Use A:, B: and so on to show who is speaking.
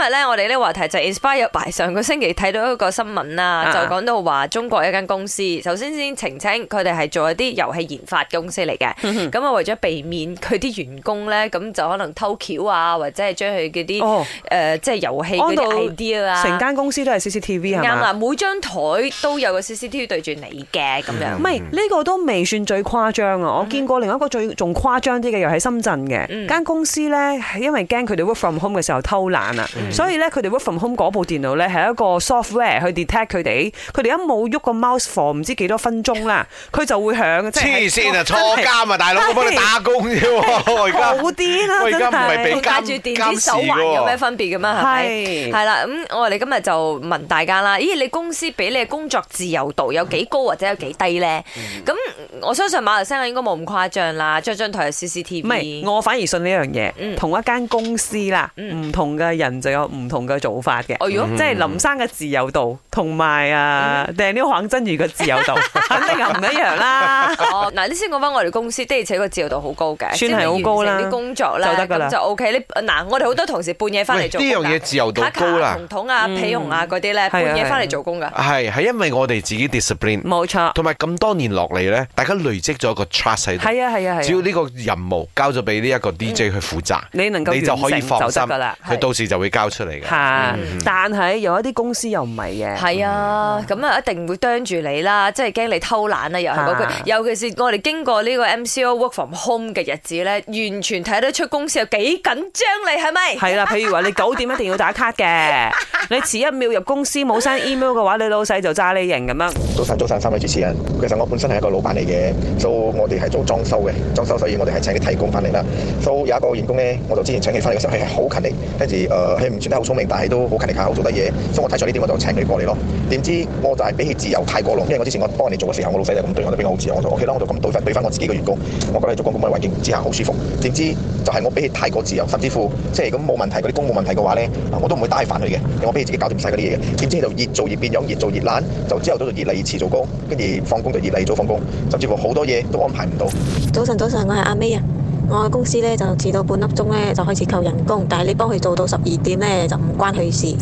A: 今日咧，我哋呢個話題就 inspire by 上個星期睇到一個新聞啦，就講到話中國一間公司，首先先澄清佢哋係做一啲遊戲研發公司嚟嘅。咁啊，為咗避免佢啲員工咧，咁就可能偷橋啊，或者係將佢嗰啲誒，即係遊戲嗰啲啲。啦成間
B: 公司都係 CCTV 係嘛？啱啦，
A: 每張台都有個 CCTV 對住你嘅咁樣。唔
B: 係，呢個都未算最誇張啊！我見過另一個最仲誇張啲嘅，又喺深圳嘅間公司咧，係因為驚佢哋 work from home 嘅時候偷懶啊。所以咧，佢哋 work from home 嗰部電腦咧，係一個 software 去 detect 佢哋，佢哋一冇喐個 mouse for 唔知幾多分鐘啦，佢就會響。黐線啊！坐監啊！大佬幫你打工啫
C: 喎！我而家我而家唔係俾住電子手環喎？有咩分
A: 別嘅咩？係咪？係啦。咁我哋今日就問大家啦。咦？你公司俾你嘅工作自由度有幾高或者有幾低咧？咁我相信馬來西亞應該冇咁誇張啦。張張台 CCTV。唔係，我反而信呢樣嘢。同一間公司啦，唔同嘅人就有
B: 有唔同嘅做法嘅，哦，如 果即係林生嘅自由度。同埋啊，定係黃金魚嘅自由度，
A: 肯定又唔一樣啦。哦，嗱，你先講翻我哋公司的而且確自由度好高嘅，算係好高啦。啲工作就得㗎喇，就 OK。嗱，我哋好多同事半夜翻嚟做，呢樣嘢自由度高啦。彤彤啊、皮蓉啊嗰啲咧，半夜翻嚟做工㗎。
C: 係係因為我哋自己 discipline，冇錯。同埋咁多年落嚟咧，大家累積咗一個 trust 喺度。係啊係啊係。只要呢個任務交咗俾呢一個 DJ 去負責，你能夠，你就可以放心啦。佢到時就會交出嚟
A: 嘅。嚇！但係有一啲公司又唔係嘅。係、 嗯、啊，咁啊一定會啄住你啦，即係驚你偷懶啦，又係嗰句。尤其是我哋經過呢個 MCO work from home 嘅日子呢，完全睇得出公司有幾緊張， 啊、你係咪？係
B: 啦，譬如話你九點一定要打卡嘅。你遲一秒入公司冇 send email 嘅話，你老細就炸你型咁樣早。
C: 早晨，早晨，三位主持人，其實我本身係一個老闆嚟嘅，so 我哋係做裝修嘅裝修，所以我哋係請啲替工翻嚟啦。所以有一個員工咧，我就之前請佢翻嚟嘅時候係好勤力，跟住誒，佢唔算得好聰明，但係都好勤力下，好做得嘢。所以我睇咗呢點我就請佢過嚟咯。點知我就係俾佢自由太過咯，因為我之前我幫人哋做嘅時候，我老細就咁對我，比較好自由，我就 OK 啦，我就咁對翻對翻我自己嘅員工。我覺得你做工咁嘅環境之下好舒服。點知就係我俾佢太過自由，甚至乎即係咁冇問題嗰啲工務問題嘅話咧，我都唔會帶翻去嘅，自己搞掂晒嗰啲嘢嘅，點知就越做越變樣，越做越懶，就朝頭早就越嚟越遲做工，跟住放工就越嚟越早放工，甚至乎好多嘢都安排唔到。
B: 早晨，早晨，我係阿 May 啊，我
C: 嘅公司呢就遲到半粒鐘呢，就開始扣人工，但係你幫佢做到十二點呢，就唔關佢事。